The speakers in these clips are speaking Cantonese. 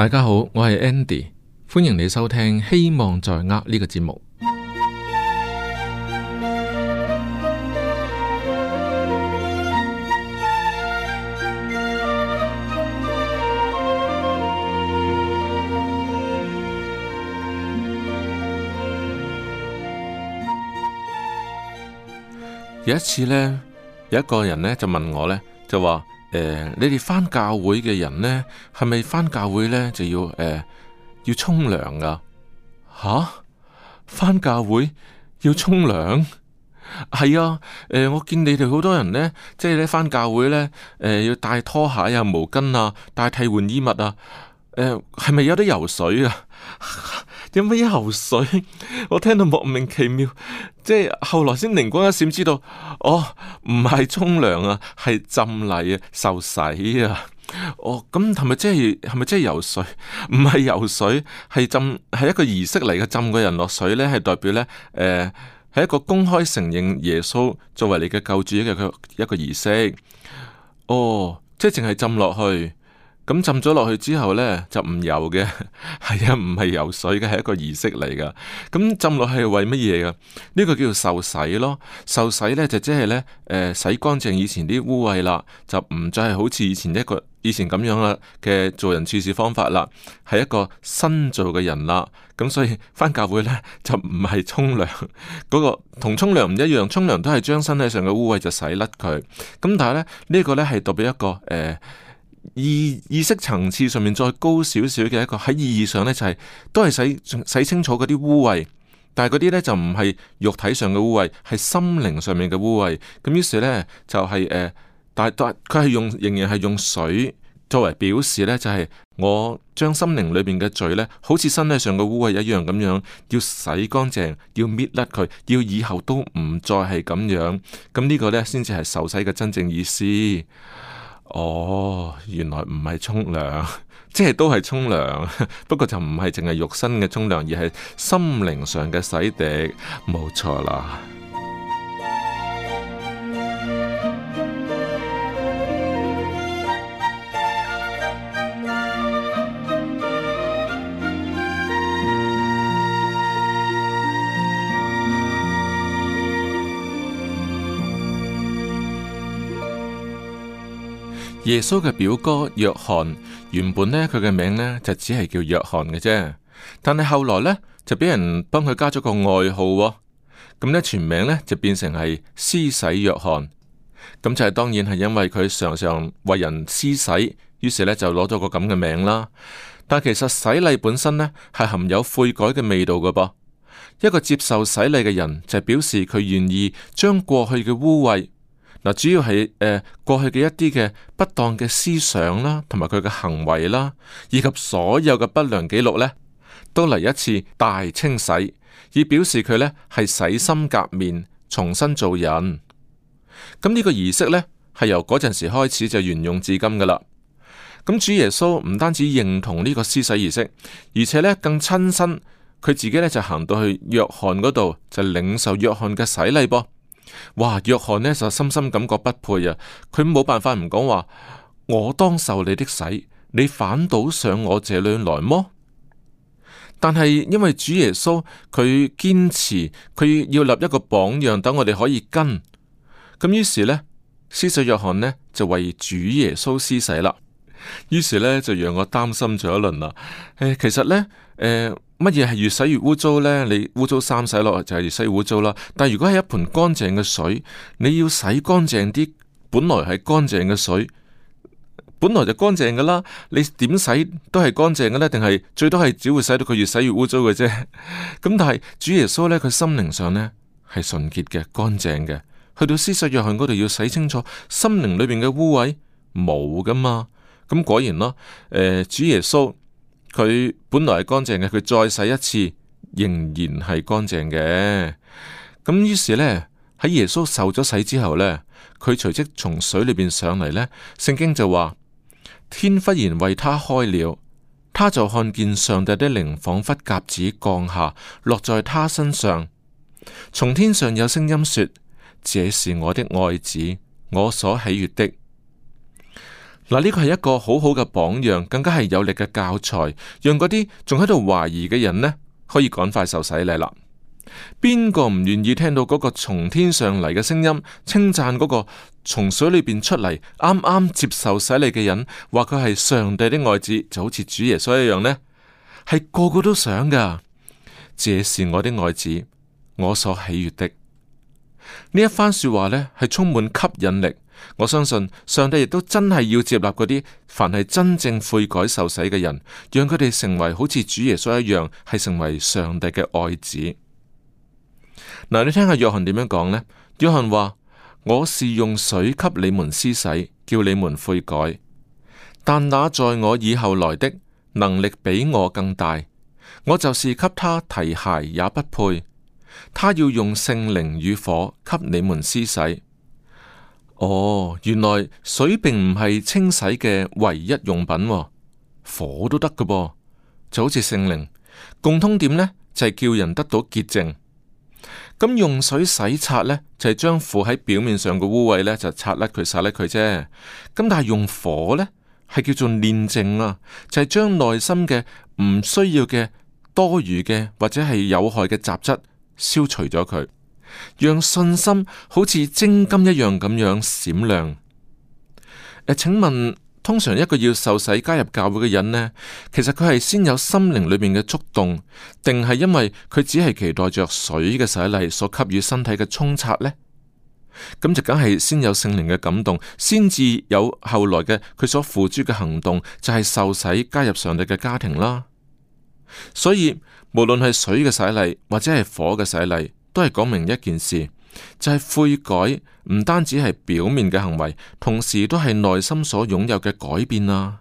大家好，我係 Andy，歡迎你收聽《希望在握》呢個節目。 有一次呢，有一個人呢就問我呢，就話。誒，你哋翻教會嘅人呢，係咪翻教會呢就要誒要沖涼噶？吓，翻教會要沖涼？係啊，誒，我見你哋好多人呢，即係呢翻教會呢，誒，要帶拖鞋啊、毛巾啊、帶替換衣物啊，誒，係咪有啲游水啊？點解要游水？我聽到莫名其妙，即係後來先靈光一閃，知道哦，唔係沖涼啊，係浸禮啊，受洗啊。哦，咁係咪即係係咪即係游水？唔係游水，係浸，係一個儀式嚟嘅。浸個人落水咧，係代表咧，誒、呃，係一個公開承認耶穌作為你嘅救主嘅一個一個儀式。哦，即係淨係浸落去。咁浸咗落去之後呢，就唔游嘅，係啊，唔係游水嘅，係一個儀式嚟噶。咁浸落去為乜嘢啊？呢個叫做受洗咯。受洗呢，就即係呢，洗乾淨以前啲污穢啦，就唔再係好似以前一個以前咁樣啦嘅做人處事方法啦，係一個新做嘅人啦。咁所以返教會呢，就唔係沖涼，嗰 個同沖涼唔一樣，沖涼都係將身體上嘅污穢就洗甩佢。咁但係呢，呢個呢，係代表一個誒。呃意意識層次上面再高少少嘅一個喺意義上呢，就係、是、都係洗洗清楚嗰啲污穢，但係嗰啲呢，就唔係肉體上嘅污穢，係心靈上面嘅污穢。咁於是呢，就係、是、誒、呃，但係都佢係用仍然係用水作為表示呢，就係、是、我將心靈裏面嘅罪呢，好似身體上嘅污穢一樣咁樣，要洗乾淨，要搣甩佢，要以後都唔再係咁樣。咁呢個呢，先至係受洗嘅真正意思。哦，原來唔係沖涼，即係都係沖涼，不過就唔係淨係肉身嘅沖涼，而係心靈上嘅洗滌，冇錯啦。耶穌嘅表哥約翰原本呢，佢嘅名呢，就只係叫約翰嘅啫，但係後來呢，就俾人幫佢加咗個外號，咁呢，全名呢，就變成係施洗約翰，咁就係當然係因為佢常常為人施洗，於是呢，就攞咗個咁嘅名啦。但其實洗禮本身呢，係含有悔改嘅味道㗎噃，一個接受洗禮嘅人就表示佢願意將過去嘅污穢。嗱，主要係誒、呃、過去嘅一啲嘅不當嘅思想啦，同埋佢嘅行為啦，以及所有嘅不良記錄呢，都嚟一次大清洗，以表示佢呢係洗心革面，重新做人。咁、嗯、呢、呢個儀式呢，係由嗰陣時開始就沿用至今噶啦。咁、嗯、主耶穌唔單止認同呢個施洗儀式，而且呢更，親身佢自己呢就行到去約翰嗰度，就領受約翰嘅洗禮噃。哇！約翰呢就深深感覺不配啊，佢冇辦法唔講話，我當受你的洗，你反倒上我這裏來麼？但係因為主耶穌佢堅持佢要立一個榜樣，等我哋可以跟。咁於是呢，施洗約翰呢就為主耶穌施洗啦。於是呢，就讓我擔心咗一輪啦。其實呢，呃，乜嘢係越洗越污糟呢？你污糟衫洗落就係、是、越洗越污糟啦。但如果係一盆乾淨嘅水，你要洗乾淨啲，本來係乾淨嘅水，本來就乾淨噶啦。你點洗都係乾淨嘅呢？定係最多係只會洗到佢越洗越污糟嘅啫。咁 但係主耶穌呢，佢心靈上呢，係純潔嘅、乾淨嘅。去到施洗約翰嗰度要洗清楚心靈裏面嘅污穢，冇噶嘛。咁果然咯，誒主耶穌佢本來係乾淨嘅，佢再洗一次仍然係乾淨嘅。咁於是呢，喺耶穌受咗洗之後呢，佢隨即從水裏邊上嚟呢，聖經就話，天忽然為他開了，他就看見上帝的靈彷彿鴿子降下，落在他身上。從天上有聲音說：這是我的愛子，我所喜悅的。嗱，呢個係一個好好嘅榜樣，更加係有力嘅教材，讓嗰啲仲喺度懷疑嘅人呢，可以趕快受洗禮啦。邊個唔願意聽到嗰個從天上嚟嘅聲音，稱讚嗰個從水裏邊出嚟，啱啱接受洗禮嘅人，話佢係上帝的愛子，就好似主耶穌一樣呢？係個個都想噶。這是我的愛子，我所喜悅的。呢一番說話呢，係充滿吸引力。我相信上帝亦都真係要接納嗰啲凡係真正悔改受洗嘅人，讓佢哋成為好似主耶穌一樣，係成為上帝嘅愛子。嗱，你聽下約翰點樣講呢？約翰話：「我是用水給你們施洗，叫你們悔改；但那在我以後來的，能力比我更大，我就是給他提鞋也不配。他要用聖靈與火給你們施洗。哦，原來水並唔係清洗嘅唯一用品。哦，火都得嘅噃，就好似聖靈，共通點呢就係、是、叫人得到潔淨。咁、嗯、用水洗刷呢，就係、是、將附喺表面上嘅污穢呢，就刷甩佢、擦甩佢啫。咁、嗯、但係用火呢，係叫做煉淨啊，就係、是、將內心嘅唔需要嘅多餘嘅或者係有害嘅雜質消除咗佢。讓信心好似精金一樣咁樣閃亮。誒、呃，請問通常一個要受洗加入教會嘅人呢，其實佢係先有心靈裏面嘅觸動，定係因為佢只係期待着水嘅洗禮所給予身體嘅沖刷呢？咁就梗係先有聖靈嘅感動，先至有後來嘅佢所付諸嘅行動，就係、是、受洗加入上帝嘅家庭啦。所以無論係水嘅洗禮或者係火嘅洗禮，都係講明一件事，就係悔改唔單止係表面嘅行為，同時都係內心所擁有嘅改變啊。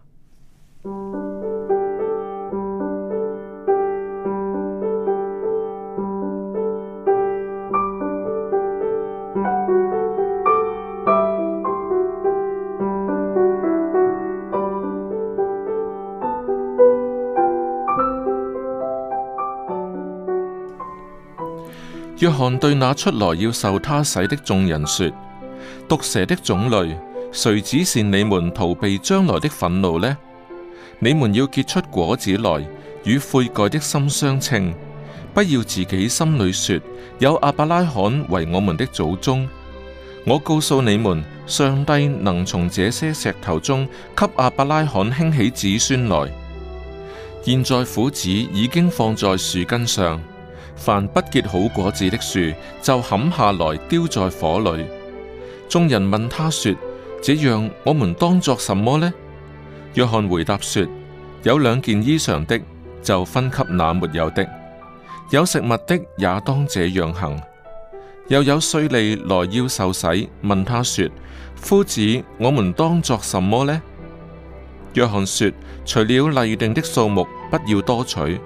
看對那出來要受他洗的眾人說：毒蛇的種類，誰指示你們逃避將來的憤怒呢？你們要結出果子來，與悔改的心相稱，不要自己心裏說：有亞伯拉罕為我們的祖宗。我告訴你們，上帝能從這些石頭中，給亞伯拉罕興起子孫來。現在斧子已經放在樹根上。凡不結好果子的樹，就砍下來丟在火裏。眾人問他說：這樣我們當作什麼呢？約翰回答說：有兩件衣裳的，就分給那沒有的；有食物的，也當這樣行。又有稅吏來要受洗，問他說：夫子，我們當作什麼呢？約翰說：除了例定的數目，不要多取。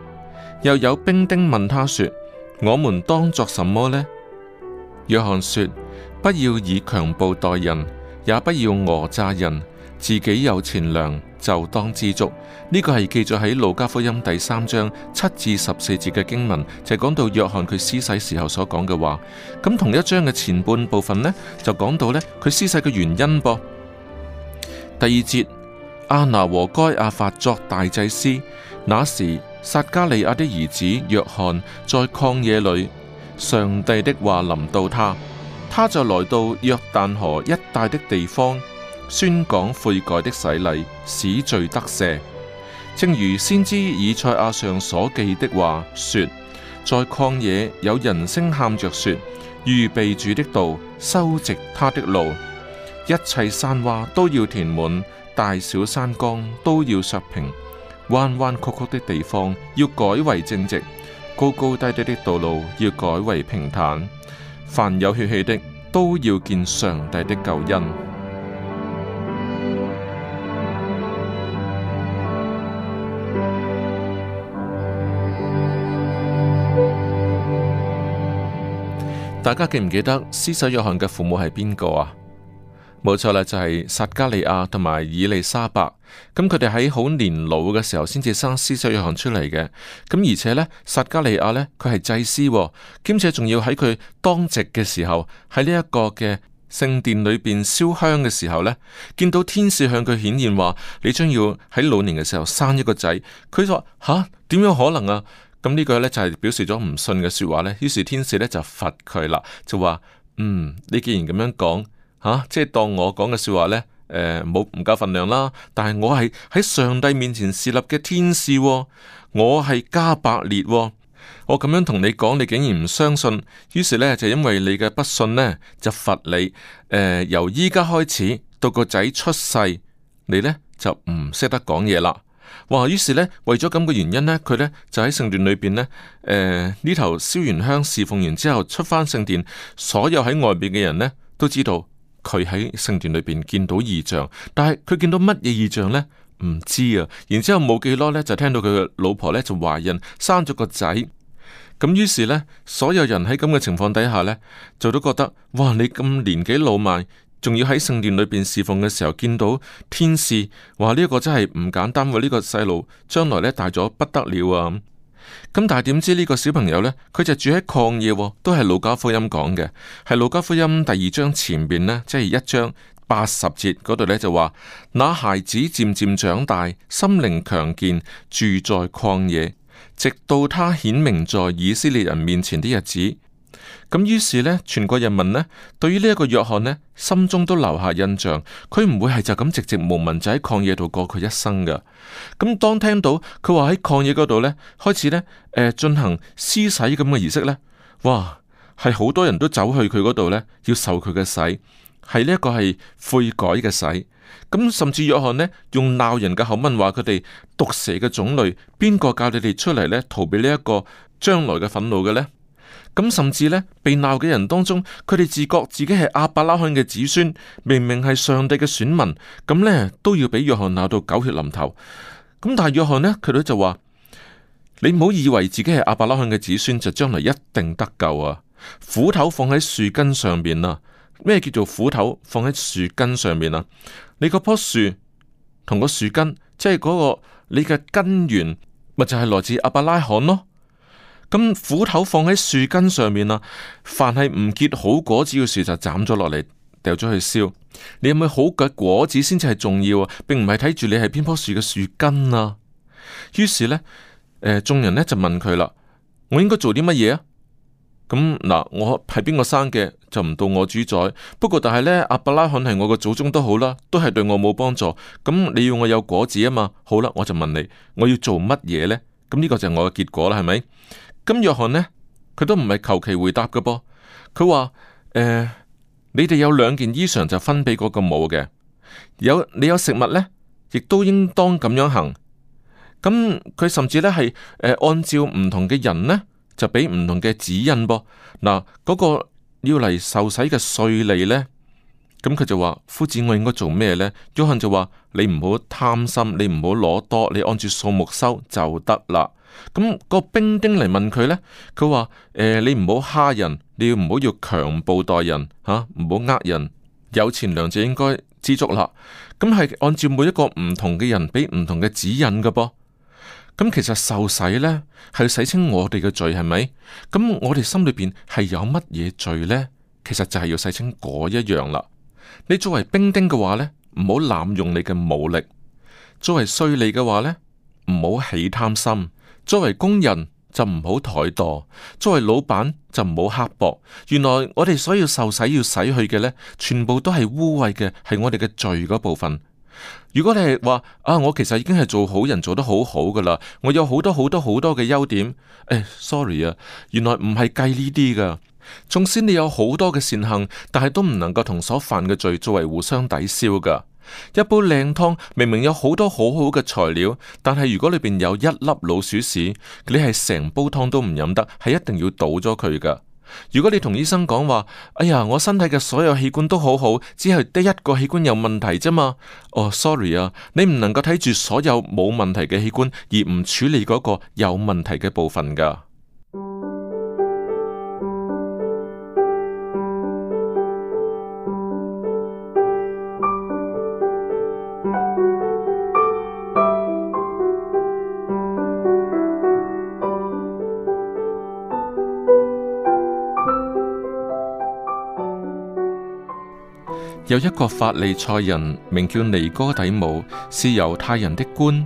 又有兵丁問他說：我們當作什麼呢？約翰說：不要以強暴待人，也不要訛詐人。自己有錢糧就當知足。呢、這個係記載喺路加福音第三章七至十四節嘅經文，就講、是、到約翰佢施洗時候所講嘅話。咁同一章嘅前半部分呢，就講到咧佢施洗嘅原因。噃第二節，亞那和該亞法作大祭司，那時。撒加利亞的兒子約翰在曠野裏，上帝的話臨到他，他就來到約旦河一帶的地方，宣講悔改的洗禮，使罪得赦。正如先知以賽亞上所記的話說：在曠野有人聲喊着說，預備主的道，修直他的路，一切山窪都要填滿，大小山岡都要削平。彎彎曲曲的地方要改為正直，高高低低的道路要改為平坦。凡有血氣的，都要見上帝的救恩。 大家記唔記得施洗約翰嘅父母係邊個啊？冇錯啦，就係、是、撒加利亞同埋伊利沙伯，咁佢哋喺好年老嘅時候先至生施洗約翰出嚟嘅，咁而且呢，撒加利亞呢，佢係祭司，兼且仲要喺佢當值嘅時候，喺呢一個嘅聖殿裏邊燒香嘅時候呢，見到天使向佢顯現話，你將要喺老年嘅時候生一個仔，佢就話吓，點樣可能啊？咁呢句呢，就係、是、表示咗唔信嘅說話呢，於是天使呢，就罰佢啦，就話嗯，你既然咁樣講。吓、啊，即係當我講嘅說話呢，誒、呃，冇唔夠份量啦。但係我係喺上帝面前侍立嘅天使，我係加百列。我咁樣同你講，你竟然唔相信。於是呢，就因為你嘅不信呢，就罰你。誒、呃，由依家開始到個仔出世，你呢，就唔識得講嘢啦。哇！於是呢，為咗咁嘅原因呢，佢呢，就喺聖殿裏邊呢。誒呢頭燒完香侍奉完之後出翻聖殿，所有喺外邊嘅人呢，都知道。佢喺聖殿裏邊見到異象，但係佢見到乜嘢異象呢？唔知啊。然之後冇幾耐呢，就聽到佢嘅老婆呢，就懷孕，生咗個仔。咁於是呢，所有人喺咁嘅情況底下呢，就都覺得：哇！你咁年紀老邁，仲要喺聖殿裏邊侍奉嘅時候見到天使，話呢個真係唔簡單喎。呢個細路將來呢，大咗不得了啊！咁但係點知呢個小朋友呢，佢就住喺曠野，都係路加福音講嘅，係路加福音第二章前邊呢，即係一章八十節嗰度呢，就話，那孩子漸漸長大，心靈強健，住在曠野，直到他顯明在以色列人面前的日子。咁於是咧，全國人民咧，對於呢一個約翰咧，心中都留下印象。佢唔會係就咁寂寂無聞就喺曠野度過佢一生噶。咁當聽到佢話喺曠野嗰度咧，開始咧，呃、進行施洗咁嘅儀式呢，哇，係好多人都走去佢嗰度咧，要受佢嘅洗，係呢一個係悔改嘅洗。咁甚至約翰咧，用鬧人嘅口吻話：「佢哋毒蛇嘅種類，邊個教你哋出嚟咧，逃避呢一個將來嘅憤怒嘅呢？」咁甚至呢被鬧嘅人當中，佢哋自覺自己係亞伯拉罕嘅子孫，明明係上帝嘅選民，咁呢都要俾約翰鬧到狗血淋頭。咁但係約翰呢，佢哋就話：你唔好以為自己係亞伯拉罕嘅子孫，就將來一定得救啊！斧頭放喺樹根上面啊，咩叫做斧頭放喺樹根上面啊？你嗰棵樹同個樹根，即係嗰個你嘅根源，咪就係、是、來自亞伯拉罕咯？咁斧頭放喺樹根上面啦，凡係唔結好果子嘅樹就斬咗落嚟，掉咗去燒。你有冇好嘅果子先至係重要啊？並唔係睇住你係邊棵樹嘅樹根啊。於是呢，誒、呃，眾人呢就問佢啦：我應該做啲乜嘢啊？咁嗱，我係邊個生嘅就唔到我主宰。不過但係呢，阿伯拉罕係我嘅祖宗都好啦，都係對我冇幫助。咁你要我有果子啊嘛？好啦，我就問你，我要做乜嘢呢？咁呢個就係我嘅結果啦，係咪？咁約翰呢，佢都唔係求其回答嘅噃。佢話：誒、呃，你哋有兩件衣裳就分俾嗰個冇嘅，有你有食物呢，亦都應當咁樣行。咁佢甚至咧係誒，按照唔同嘅人呢，就俾唔同嘅指引噃。嗱，嗰、那個要嚟受洗嘅稅吏呢？咁佢就話：夫子我應該做咩呢？約翰就話：你唔好貪心，你唔好攞多，你按住數目收就得啦。咁個兵丁嚟問佢呢，佢話：誒、呃，你唔好蝦人，你要唔好要強暴待人，吓唔好呃人。有錢糧就應該知足啦。咁係按照每一個唔同嘅人俾唔同嘅指引㗎噃。咁其實受洗呢，係要洗清我哋嘅罪，係咪？咁我哋心裏邊係有乜嘢罪呢？其實就係要洗清嗰一樣啦。你作為兵丁嘅話呢，唔好濫用你嘅武力；作為稅吏嘅話呢，唔好起貪心。作為工人就唔好怠惰，作為老闆就唔好刻薄。原來我哋所要受洗要洗去嘅呢，全部都係污穢嘅，係我哋嘅罪嗰部分。如果你係話啊，我其實已經係做好人做得好好噶啦，我有好多好多好多嘅優點。誒、哎，sorry 啊，原來唔係計呢啲噶。縱使你有好多嘅善行，但係都唔能夠同所犯嘅罪作為互相抵消噶一煲靚湯明明有好多好好嘅材料，但係如果裏邊有一粒老鼠屎，你係成煲湯都唔飲得，係一定要倒咗佢噶。如果你同醫生講話，哎呀，我身體嘅所有器官都好好，只係得一個器官有問題咋嘛？哦，sorry 啊，你唔能夠睇住所有冇問題嘅器官而唔處理嗰個有問題嘅部分噶。有一個法利賽人名叫尼哥底母，是猶太人的官。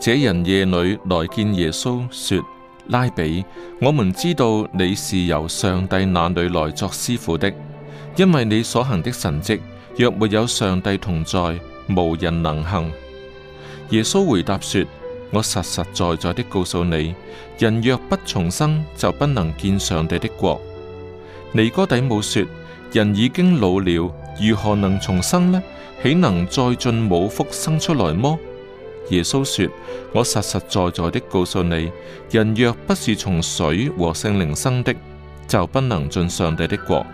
這人夜裏來見耶穌，說：拉比，我們知道你是由上帝那裏來作師傅的，因為你所行的神蹟，若沒有上帝同在，無人能行。耶穌回答說：我實實在在在的告訴你，人若不重生，就不能見上帝的國。尼哥底母說：人已經老了。如何能重生呢？豈能再進母腹生出來麼？耶穌說：我實實在在的告訴你，人若不是從水和聖靈生的，就不能進上帝的國。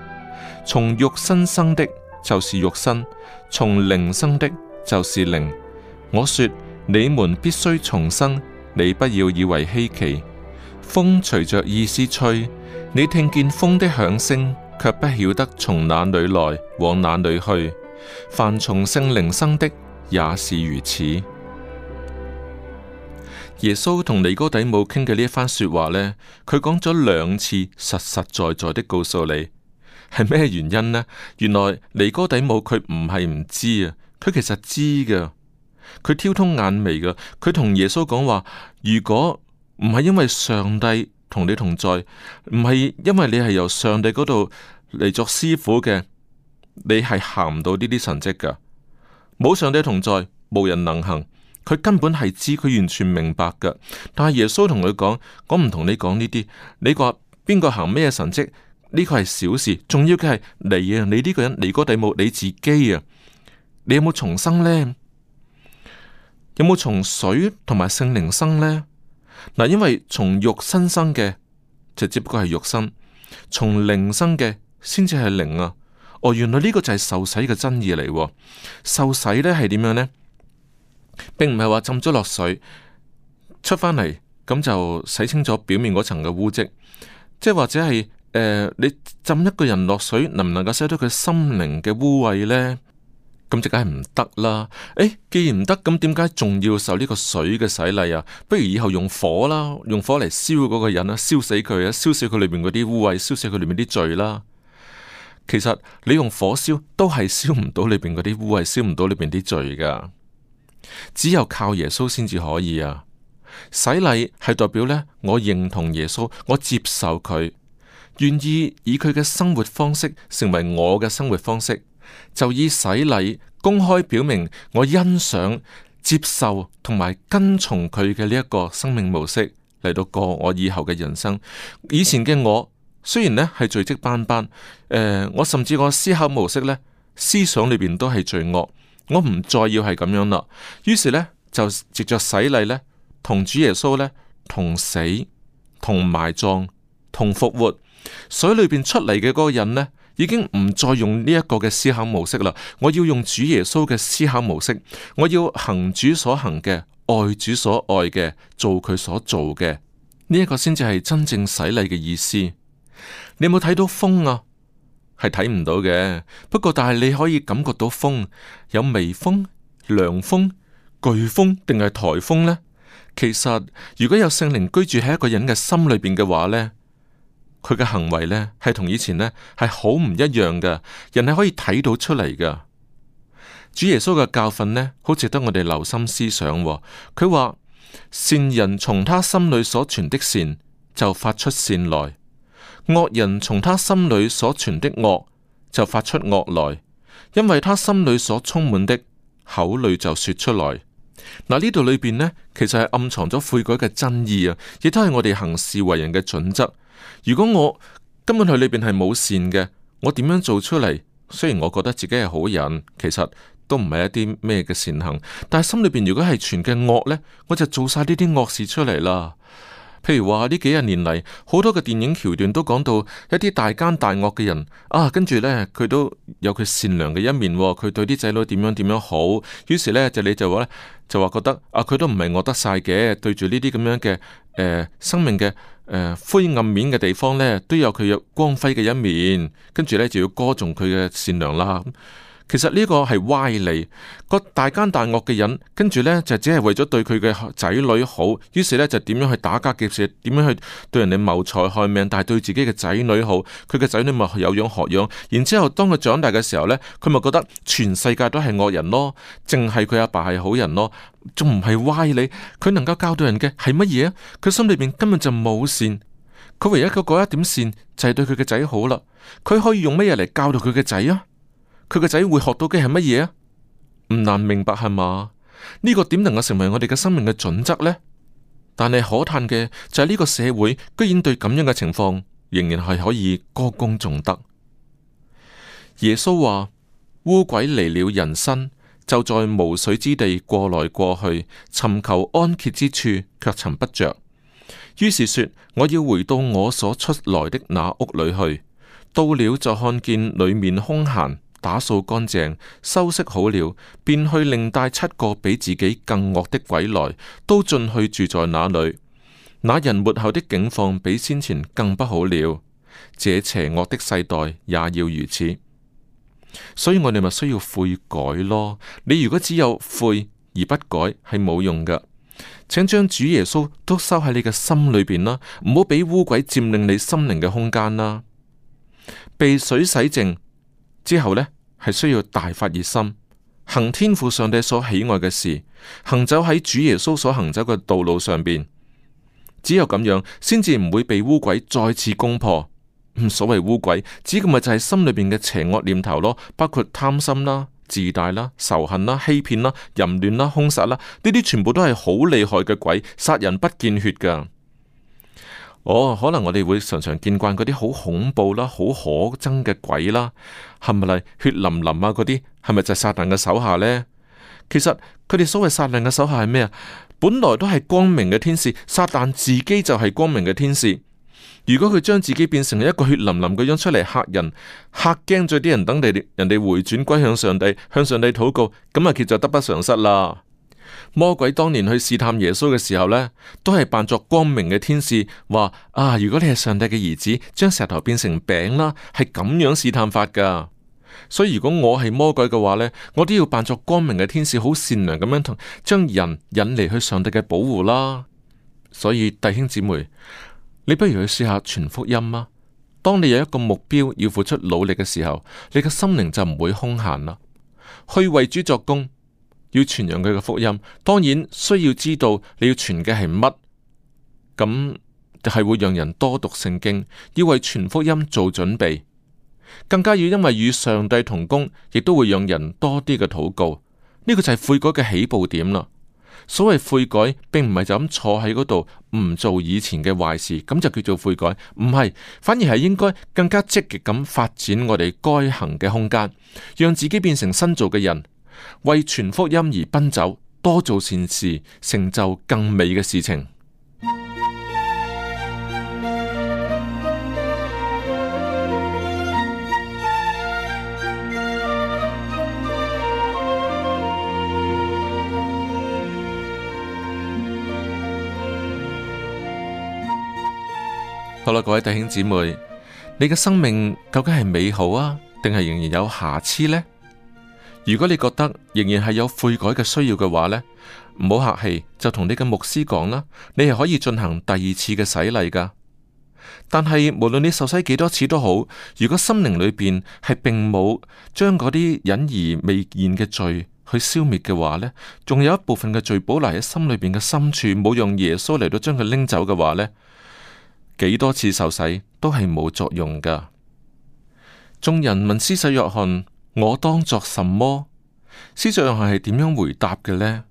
從肉身生的，就是肉身；從靈生的，就是靈。我說你們必須重生，你不要以為稀奇。風隨着意思吹，你聽見風的響聲。卻不曉得從哪裏來，往哪裏去。凡從聖靈生的，也是如此。耶穌同尼哥底母傾嘅呢番說話呢，佢講咗兩次，實實在在的告訴你係咩原因呢？原來尼哥底母佢唔係唔知啊，佢其實知嘅，佢挑通眼眉嘅，佢同耶穌講話：如果唔係因為上帝同你同在，唔係因為你係由上帝嗰度。嚟作師傅嘅，你係行唔到呢啲神蹟嘅，冇上帝同在，無人能行。佢根本係知，佢完全明白嘅。但係耶穌同佢講，我唔同你講呢啲。你個邊個行咩神蹟？呢個係小事，重要嘅係你啊！你呢個人，你個地墓，你自己啊！你有冇重生呢？有冇從水同埋聖靈生呢？嗱，因為從肉身生嘅，就只不過係肉身；從靈生嘅。先至係零啊！哦，原來呢個就係受洗嘅真意嚟。受洗呢係點樣呢？並唔係話浸咗落水出翻嚟咁就洗清咗表面嗰層嘅污跡，即係或者係、呃、你浸一個人落水能唔能夠洗到佢心靈嘅污穢呢？咁就梗係唔得啦。既然唔得，咁點解仲要受呢個水嘅洗禮啊？不如以後用火啦，用火嚟燒嗰個人啊，燒死佢啊，燒死佢裏面嗰啲污穢，燒死佢裏面啲罪啦。其實你用火燒都係燒唔到裏邊嗰啲污穢，燒唔到裏邊啲罪㗎。只有靠耶穌先至可以啊！洗禮係代表呢，我認同耶穌，我接受佢，願意以佢嘅生活方式成為我嘅生活方式，就以洗禮公開表明我欣賞、接受同埋跟從佢嘅呢一個生命模式嚟到過我以後嘅人生。以前嘅我。雖然咧係罪跡斑斑，誒、呃，我甚至我思考模式呢，思想裏邊都係罪惡，我唔再要係咁樣啦。於是呢，就藉着洗禮呢，同主耶穌呢，同死，同埋葬，同復活，水裏邊出嚟嘅嗰個人呢，已經唔再用呢一個嘅思考模式啦。我要用主耶穌嘅思考模式，我要行主所行嘅，愛主所愛嘅，做佢所做嘅，呢、這、一個先至係真正洗禮嘅意思。你有冇睇到風啊？係睇唔到嘅。不過，但係你可以感覺到風，有微風、涼風、颶風定係台風呢？其實，如果有聖靈居住喺一個人嘅心裏邊嘅話呢，佢嘅行為呢係同以前呢係好唔一樣嘅。人係可以睇到出嚟嘅。主耶穌嘅教訓呢，好值得我哋留心思想喎。佢話，善人從他心裏所存的善就發出善來。惡人從他心裏所存的惡就發出惡來，因為他心裏所充滿的，口裏就說出來。嗱，呢度裏邊呢，其實係暗藏咗悔改嘅真意啊，亦都係我哋行事為人嘅準則。如果我根本佢裏邊係冇善嘅，我點樣做出嚟？雖然我覺得自己係好人，其實都唔係一啲咩嘅善行。但係心裏邊如果係存嘅惡呢，我就做晒呢啲惡事出嚟啦。譬如話呢幾廿年嚟，好多嘅電影橋段，都講到一啲大奸大惡嘅人啊，跟住呢，佢都有佢善良嘅一面，佢、哦、對啲仔女點樣點樣好，於是呢，就你就話呢就話覺得啊，佢都唔係惡得晒嘅，對住呢啲咁樣嘅誒、呃、生命嘅誒、呃、灰暗面嘅地方呢，都有佢有光輝嘅一面，跟住呢，就要歌頌佢嘅善良啦。嗯其實呢個係歪理，個大奸大惡嘅人，跟住呢就只係為咗對佢嘅仔女好，於是呢，就點樣去打家劫舍，點樣去對人哋謀財害命，但係對自己嘅仔女好，佢嘅仔女咪有樣學樣。然之後當佢長大嘅時候呢，佢咪覺得全世界都係惡人咯，淨係佢阿爸係好人咯，仲唔係歪理？佢能夠教到人嘅係乜嘢啊？佢心裏邊根本就冇善，佢唯一嘅嗰一點善就係對佢嘅仔好啦。佢可以用乜嘢嚟教導佢嘅仔啊？佢個仔會學到嘅係乜嘢啊？唔難明白係嘛？呢、這個點能夠成為我哋嘅生命嘅準則呢？但係可嘆嘅就係呢個社會居然對咁樣嘅情況仍然係可以歌功頌德。耶穌話：污鬼離了人身，就在無水之地過來過去，尋求安歇之處，卻尋不着。於是說：我要回到我所出來的那屋裏去，到了就看見裏面空閒。打掃乾淨，收拾好了，便去另帶七個比自己更惡的鬼來，都進去住在那裏。那人末後的境況比先前更不好了。這邪惡的世代也要如此，所以我哋咪需要悔改咯。你如果只有悔而不改，係冇用㗎。請將主耶穌都收喺你嘅心裏面啦，唔好俾污鬼佔領你心靈嘅空間啦。被水洗淨之後呢。係需要大發熱心，行天父上帝所喜愛嘅事，行走喺主耶穌所行走嘅道路上邊，只有咁樣，先至唔會被污鬼再次攻破。所謂污鬼，指嘅咪就係心裏邊嘅邪惡念頭咯，包括貪心啦、自大啦、仇恨啦、欺騙啦、淫亂啦、凶殺啦，呢啲全部都係好厲害嘅鬼，殺人不見血㗎。哦，oh, 可能我哋會常常見慣嗰啲好恐怖啦、好可憎嘅鬼啦，係咪嚟血淋淋啊？嗰啲係咪就係撒旦嘅手下呢？其實佢哋所謂撒旦嘅手下係咩啊？本來都係光明嘅天使，撒旦自己就係光明嘅天使。如果佢將自己變成一個血淋淋嘅樣出嚟嚇人、嚇驚咗啲人，等地人哋回轉歸向上帝，向上帝禱告，咁啊，就得不償失啦。魔鬼當年去試探耶穌嘅時候呢，都係扮作光明嘅天使，話啊，如果你係上帝嘅兒子，將石頭變成餅啦，係咁樣試探法噶。所以如果我係魔鬼嘅話呢，我都要扮作光明嘅天使，好善良咁樣同將人引嚟去上帝嘅保護啦。所以弟兄姊妹，你不如去試下傳福音啊。當你有一個目標要付出努力嘅時候，你嘅心靈就唔會空閒啦。去為主作工。要傳揚佢嘅福音，當然需要知道你要傳嘅係乜，咁係會讓人多讀聖經，要為傳福音做準備，更加要因為與上帝同工，亦都會讓人多啲嘅禱告。呢個就係悔改嘅起步點啦。所謂悔改，並唔係就咁坐喺嗰度唔做以前嘅壞事，咁就叫做悔改。唔係，反而係應該更加積極咁發展我哋該行嘅空間，讓自己變成新造嘅人。為全福音而奔走，多做善事，成就更美嘅事情。 好啦，各位弟兄姊妹，你嘅生命究竟係美好啊，定係仍然有瑕疵呢？如果你覺得仍然係有悔改嘅需要嘅話呢，唔好客氣就同你嘅牧師講啦，你係可以進行第二次嘅洗禮噶。但係無論你受洗幾多次都好，如果心靈裏邊係並冇將嗰啲隱而未見嘅罪去消滅嘅話呢，仲有一部分嘅罪保留喺心裏邊嘅深處，冇用耶穌嚟到將佢拎走嘅話呢，幾多次受洗都係冇作用噶。眾人問施洗約翰。我當作什麼？思想係點樣回答嘅呢？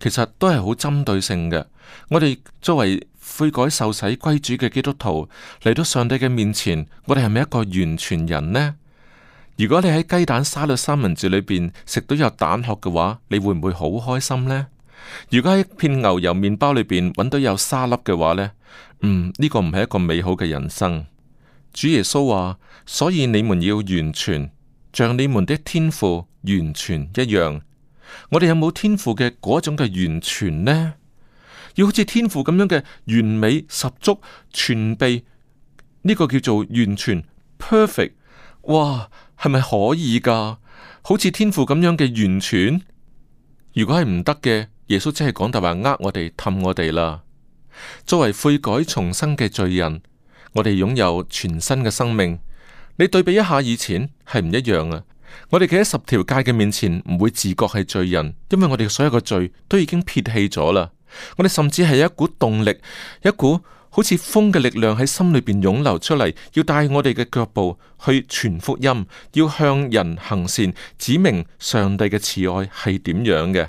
其實都係好針對性嘅。我哋作為悔改受洗歸主嘅基督徒嚟到上帝嘅面前，我哋係咪一個完全人呢？如果你喺雞蛋沙律三文治裏邊食到有蛋殼嘅話，你會唔會好開心呢？如果喺一片牛油麵包裏邊搵到有沙粒嘅話呢？嗯，呢個唔係一個美好嘅人生。主耶穌話：所以你們要完全。像你們的天賦完全一樣，我哋有冇天賦嘅嗰種嘅完全呢？要好似天賦咁樣嘅完美十足全備，呢個叫做完全 perfect。哇，係咪可以噶？好似天賦咁樣嘅完全，如果係唔得嘅，耶穌真係講大話，呃我哋氹我哋啦。作為悔改重生嘅罪人，我哋擁有全新嘅生命。你對比一下以前係唔一樣啊。我哋企喺十條誡嘅面前，唔會自覺係罪人，因為我哋所有嘅罪都已經撇棄咗啦。我哋甚至係一股動力，一股好似風嘅力量喺心裏邊湧流出嚟，要帶我哋嘅腳步去傳福音，要向人行善，指明上帝嘅慈愛係點樣嘅。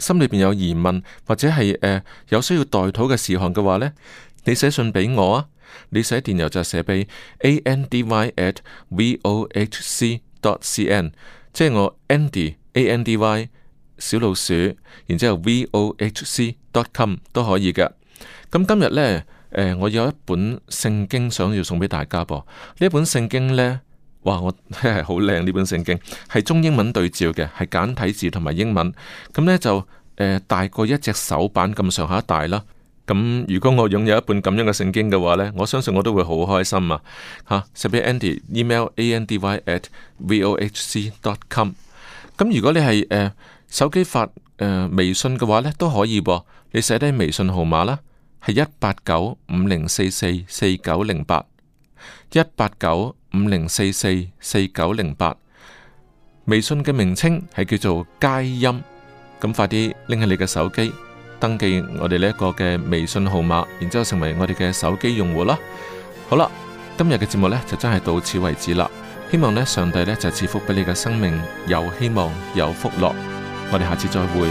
心裏邊有疑問，或者係誒、呃、有需要代禱嘅事項嘅話呢，你寫信畀我啊，你寫電郵就寫畀、oh、a n d y at v o h c dot c n，即係我 andy a n d y 小老鼠，然之後 v o h c dot com 都可以嘅。咁今日呢，誒、呃，我有一本聖經想要送畀大家噃，呢一本聖經呢。哇！我真係好靚呢本聖經，係中英文對照嘅，係簡體字同埋英文。咁咧就誒、大過一隻手板咁上下大啦。咁如果我擁有一本咁樣嘅聖經嘅話咧，我相信我都會好開心啊！嚇，寫俾 Andy email A N D Y at V O H C dot com。咁如果你係誒、手機發誒、微信嘅話咧，都可以噃。你寫低微信號碼啦，係一八九五零四四四九零八一八九。五零四四四九零八，8，微信嘅名稱係叫做佳音，咁快啲拎起你嘅手機，登記我哋呢一個嘅微信號碼，然之後成為我哋嘅手機用戶啦。好啦，今日嘅節目呢就真係到此為止啦，希望呢上帝呢就賜福俾你嘅生命有希望有福樂，我哋下次再會。